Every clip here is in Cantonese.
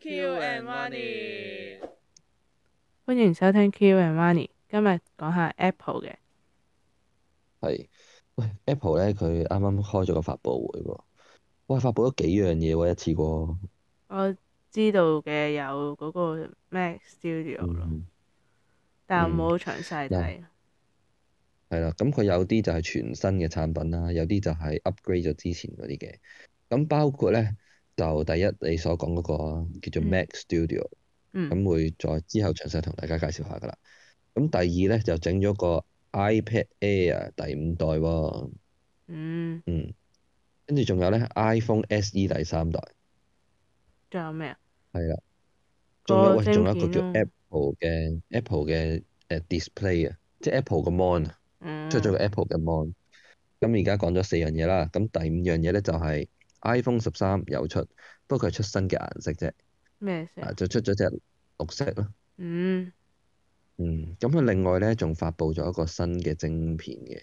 Q and Money，歡迎收聽 Q and Money。Oney，今日講下 Apple 嘅。係。喂，Apple 咧，佢啱啱開咗個發布會喎。喂，發布咗幾樣嘢喎、啊、一次過。我知道嘅有嗰個咩 Studio 咯、嗯，但係我冇詳細睇。係啦、嗯，咁、嗯、佢有啲就係全新嘅產品啦，有啲就係 upgrade 咗之前嗰啲嘅。咁包括咧。就第一你所講嗰個叫做 Mac Studio，咁會再之後詳細同大家介紹下噶啦。咁、嗯、第二咧就整咗個 iPad Air 第五代喎、哦，嗯，嗯，跟住仲有咧 iPhone SE 第三代，仲有咩啊？係啦，仲有喂，仲有一個叫 Apple 嘅 Apple 嘅 display 啊，Dis play，即係 Apple 嘅 mon 啊，出咗個 Apple 嘅 mon。咁而家講咗四樣嘢啦，咁第五樣嘢咧就係、是。iPhone 十三有出，不過佢係出新嘅顏色啫。咩色？啊，就出咗隻綠色咯。嗯。嗯，咁佢另外咧仲發布咗一個新嘅晶片嘅。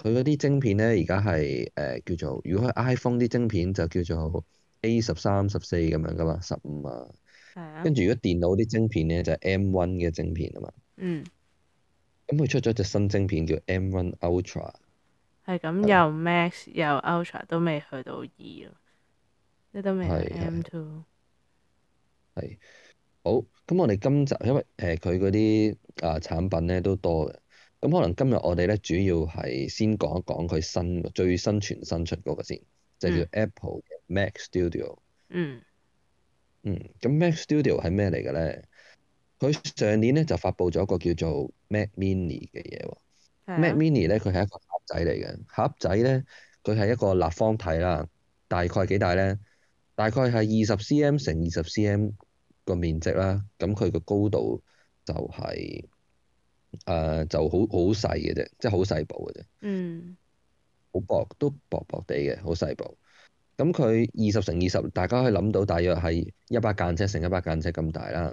佢嗰啲晶片咧，而家係誒叫做，如果 iPhone 啲晶片就叫做 A 十三、十四咁樣噶嘛，十五啊。嗯、跟住如果電腦啲晶片咧就係、是、M one 嘅晶片啊嘛。嗯。咁佢、嗯、出咗隻新晶片叫 M one Ultra。係咁，又的 Max 又 Ultra 都未去到二、e，咯，呢都未係 M Two。係好咁，我哋今集因為誒佢嗰啲啊產品咧都多嘅，咁可能今日我哋咧主要係先講一講佢新最新全新出嗰個先，就叫 Apple、嘅、Mac Studio。嗯。嗯，咁 Mac Studio 係咩嚟嘅咧？佢上年咧就發布咗一個叫做 Mac Mini 嘅嘢喎，Mac Mini 咧佢係一個。仔嚟嘅盒仔咧，佢係一個立方體啦。大概幾大咧？大概係二十 cm 乘二十 cm 個面積啦。咁佢個高度就係、是、誒、呃、就好好細嘅啫，即係好細部嘅啫。嗯。好薄，都薄薄地嘅，好細部。咁佢二十乘二十，嗯、20 20，大家可以諗到大約係一百間尺乘一百間尺咁大啦。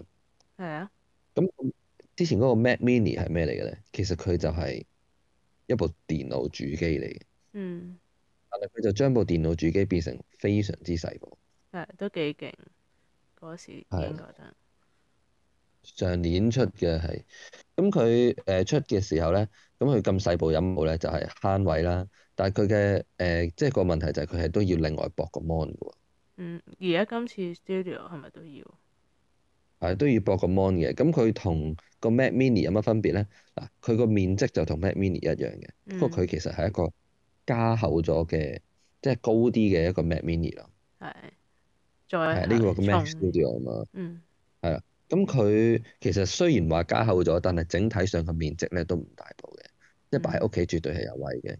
係啊的。咁、嗯、之前嗰個 Mac Mini 係咩嚟嘅咧？其實佢就係、是。一部電腦主機嚟嘅，嗯，但係佢就將部電腦主機變成非常之細部，係、啊、都幾勁嗰時，我覺得。上年出嘅係，咁佢誒出嘅時候咧，咁佢咁細部音料咧就係、是、慳位啦。但係佢嘅誒，即係個問題就係佢係都要另外駁個 mon 嘅喎。嗯，而家今次 studio 係咪都要？係都要博個 mon 嘅，咁佢同個 Mac Mini 有乜分別咧？嗱，佢個面積就同 Mac Mini 一樣嘅，不過佢其實係一個加厚咗嘅，即係高啲嘅一個 Mac Mini 咯。係，再呢、呢個 Mac 重 Studio 啊嘛。嗯。係啊，咁佢其實雖然話加厚咗，但係整體上個面積咧都唔大部嘅，即係擺喺屋企絕對係有位嘅。咁、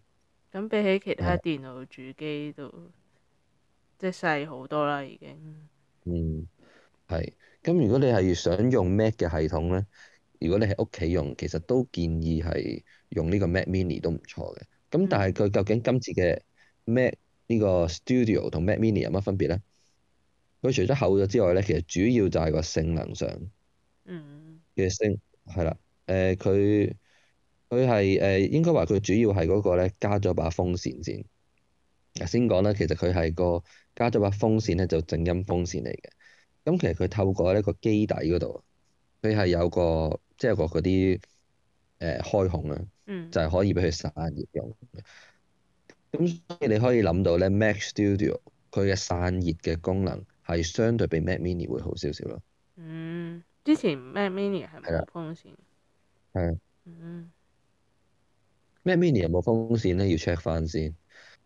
嗯、比起其他電腦主機都的即係細好多啦，已經。嗯，係、嗯。咁如果你係想用 Mac 嘅系統咧，如果你喺屋企用，其實都建議係用呢個 Mac Mini 都唔錯嘅。咁但係佢究竟今次嘅 Mac 呢個 Studio 同 Mac Mini 有乜分別咧？佢除咗厚咗之外咧，其實主要就係個性能上嘅升係啦。誒，佢佢係誒應該話佢主要係嗰個咧加咗把風扇先。先講啦，其實佢係個加咗把風扇咧，就靜音風扇嚟嘅。咁其實佢透過呢個機底嗰度，佢係有個即係個嗰啲誒開孔啊，就係、是呃嗯、可以俾佢散熱用。咁所以你可以諗到咧，Mac Studio 佢嘅散熱嘅功能係相對比 Mac Mini 會好少少咯。嗯，之前 Mac Mini 係咪有風扇？係。嗯。Mac Mini 有冇風扇咧？要 check 翻先。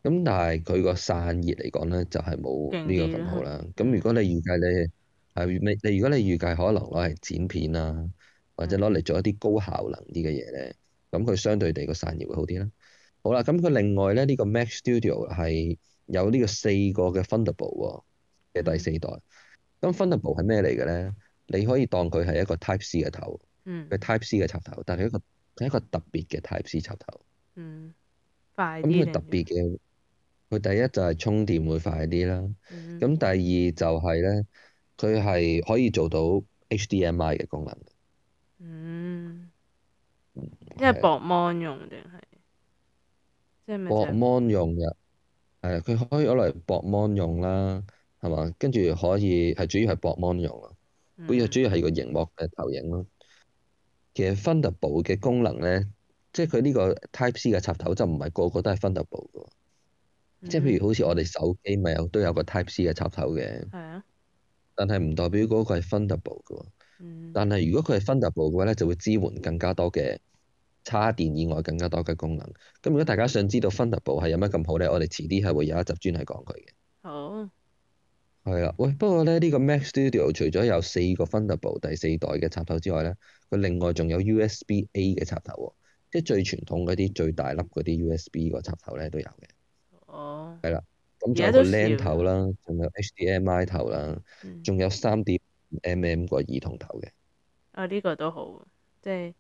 咁但係佢個散熱嚟講咧，就係冇呢個咁好啦。咁如果你預計你～你如果你預計可能攞嚟剪片啦、啊，或者攞嚟做一啲高效能啲嘅嘢咧，咁佢相對地個散熱會好啲啦。好啦，咁佢另外咧呢、呢個 Mac Studio 係有呢個四個嘅 Thunderbolt 嘅、哦、第四代。咁 Thunderbolt 係咩嚟嘅咧？你可以當佢係一個 Type C 嘅頭，佢 Type C 嘅插頭，但係一個係一個特別嘅 Type C 插頭。嗯，快。咁佢特別嘅，佢第一就係充電會快啲啦。咁、嗯、第二就係咧。佢係可以做到 HDMI 嘅功能。嗯，即係薄芒用定係？薄芒用嘅，係佢可以攞嚟薄芒用啦，係嘛？跟住可以係主要係薄芒用咯，主要主要係個熒幕嘅投影咯。嗯、其實分特步嘅功能咧，即係佢呢個 Type C 嘅插頭就唔係個個都係分特步嘅，嗯、即係譬如好似我哋手機咪有都有個 Type C 嘅插頭嘅。係啊。但係唔代表嗰個係 Thunderbolt 嘅喎，嗯、但係如果佢係 Thunderbolt 嘅話咧，就會支援更加多嘅叉電以外更加多嘅功能。咁如果大家想知道 Thunderbolt 係有乜咁好咧，我哋遲啲係會有一集專係講佢嘅。好、哦。係啦，喂，不過咧呢、呢個 Mac Studio 除咗有四個 Thunderbolt 第四代嘅插頭之外咧，佢另外仲有 USB-A 嘅插頭喎，嗯、即係最傳統嗰啲、嗯、最大粒嗰啲 USB 個插頭咧都有嘅。哦。係啦。咁仲有個 LAN 頭啦，仲有 HDMI 頭啦，仲、嗯、有三點五 mm 個耳筒頭嘅。啊，呢、這個都好，即係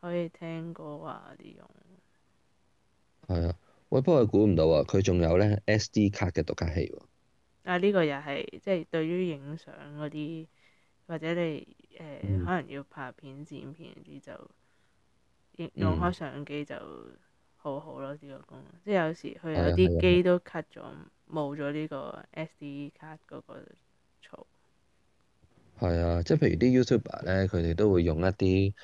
可以聽歌啊啲用。係、嗯、啊，喂，不過估唔到啊，佢仲有咧 SD 卡嘅讀卡器喎。啊，呢、這個又係即係對於影相嗰啲，或者你誒、呃嗯、可能要拍片剪片嗰啲就，用開相機就。嗯好好咯，呢個功能，即係有時佢有啲機都 cut 咗冇咗呢個 SD 卡嗰個槽。係啊，即係譬如啲 YouTuber 咧，佢哋都會用一啲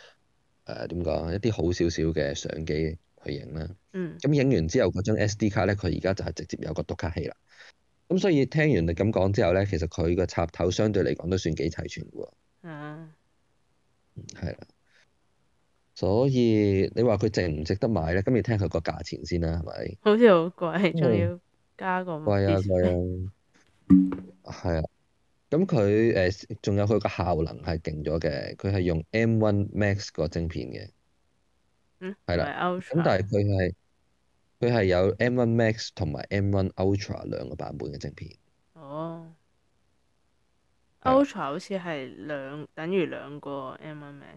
誒點講，一啲好少少嘅相機去影啦。咁、啊、影、嗯、完之後嗰張 SD 卡咧，佢而家就係直接有個讀卡器啦。咁所以聽完你咁講之後咧，其實佢個插頭相對嚟講都算幾齊全喎。啊、嗯。嗯，係啦。所以你話佢值唔值得買呢？咁要聽佢個價錢先啦，係咪？好似好貴，仲、嗯、要加個。貴啊貴啊，係啊。咁佢仲有佢個效能係勁咗嘅。佢係用 M1 Max 個晶片嘅。嗯。係啦、啊。咁但係佢係，佢係有 M1 Max 同埋 M1 Ultra 兩個版本嘅晶片。哦。啊、Ultra 好似係兩等於兩個 M1 Max，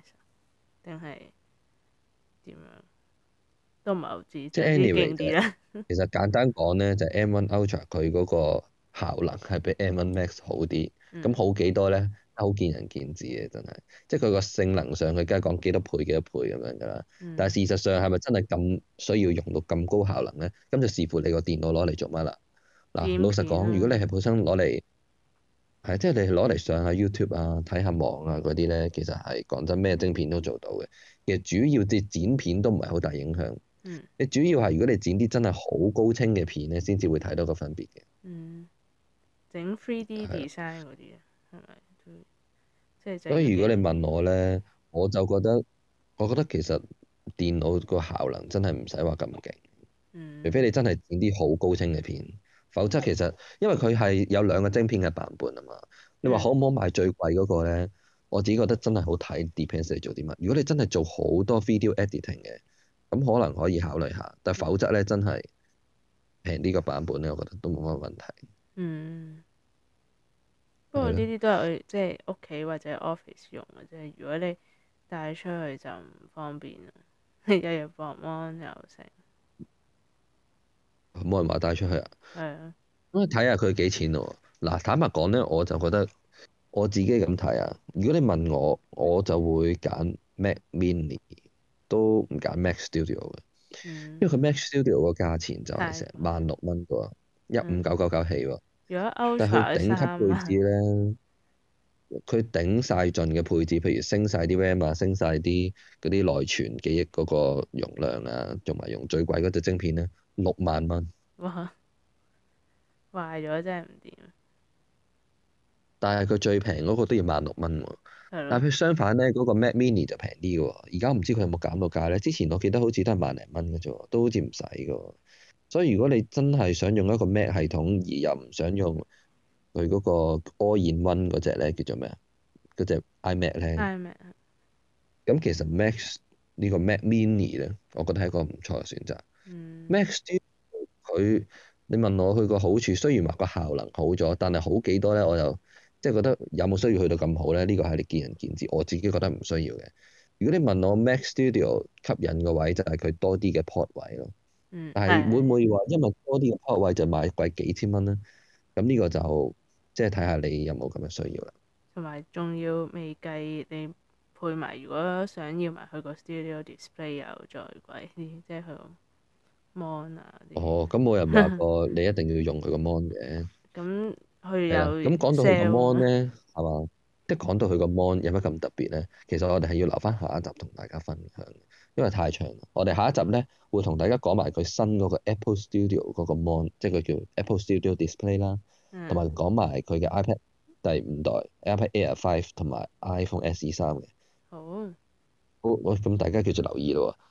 定係？樣 Any way, 點樣都唔係好知，即係 anyway 嘅。其實簡單講咧，就係 M1 Ultra 佢嗰個效能係比 M1 Max 好啲，咁、嗯、好幾多咧，都好見仁見智嘅，真係。即係佢個性能上，佢梗係講幾多倍幾多倍咁樣噶啦。但係事實上係咪真係咁需要用到咁高效能咧？咁就視乎你個電腦攞嚟做乜啦。嗱、嗯，老實講，如果你係本身攞嚟。係，即係你攞嚟上下 YouTube 啊，睇下網啊嗰啲咧，其實係講真咩晶片都做到嘅。其實主要啲剪片都唔係好大影響。嗯、你主要係如果你剪啲真係好高清嘅片咧，先至會睇到個分別嘅。整 three、嗯、D design 嗰啲啊，係咪？的即係、所以如果你問我咧，我就覺得，我覺得其實電腦個效能真係唔使話咁勁。嗯、除非你真係剪啲好高清嘅片。否則其實，因為佢係有兩個晶片嘅版本啊嘛。你話可唔可以買最貴嗰個咧？我自己覺得真係好睇。Depends 你做啲乜。如果你真係做好多 video editing 嘅，咁可能可以考慮下。但否則咧，真係平呢個版本咧，我覺得都冇乜問題。嗯。不過呢啲都係即係屋企或者 office 用嘅啫。如果你帶出去就唔方便，你日日放芒又成。冇人話帶出去啊，咁去睇下佢幾錢咯。嗱，坦白講咧，我就覺得我自己咁睇啊。如果你問我，我就會揀 Mac Mini，都唔揀 Mac Studio 嘅，嗯、因為佢 Mac Studio 個價錢就係成萬六蚊到，一五九九九起喎。嗯、但係佢頂級配置咧，佢頂晒盡嘅配置，譬如升晒啲 RAM，啊、升晒啲嗰啲內存幾億嗰個容量啊，同埋用最貴嗰隻晶片咧、啊。六萬蚊，哇！壞咗真係唔掂。但係佢最平嗰個都要萬六蚊喎。係啊。但係佢相反呢，嗰個 Mac Mini 就平啲嘅喎。而家唔知佢有冇減到價呢？之前我記得好似都係萬零蚊嘅啫，都好似唔使嘅。所以如果你真係想用一個 Mac 系統而又唔想用佢嗰個 All-in-One 嗰隻呢，叫做咩啊？嗰隻 iMac 呢 iMac。咁 I am. 其實 Mac 呢個 Mac Mini 呢，我覺得係一個唔錯嘅選擇。嗯、Mac Studio 佢，你問我佢個好處，雖然話個效能好咗，但係好幾多咧，我就即係覺得有冇需要去到咁好咧？呢、呢個係你見仁見智，我自己覺得唔需要嘅。如果你問我 Mac Studio 吸引個位就係、係、佢多啲嘅 port 位咯，嗯、但係會唔會話因為多啲嘅 port 位就賣貴幾千蚊咧？咁呢個就即係睇下你有冇咁嘅需要啦。同埋仲要未計你配埋，如果想要埋佢個 Studio Display 又再貴啲，即係佢。mon 啊！哦，咁冇人話過你一定要用佢個 mon 嘅。咁佢講到佢個 mon 咧，係嘛？即係講到佢個 mon 有乜咁特別咧？其實我哋係要留翻下，下一集同大家分享，因為太長啦。我哋下一集咧會同大家講埋佢新嗰個 Apple Studio 嗰個 mon，即係佢叫 Apple Studio Display 啦，同埋講埋佢嘅 iPad 第五代 iPad、嗯、Air Five 同埋 iPhone SE 三嘅。好。我咁大家繼續留意咯喎。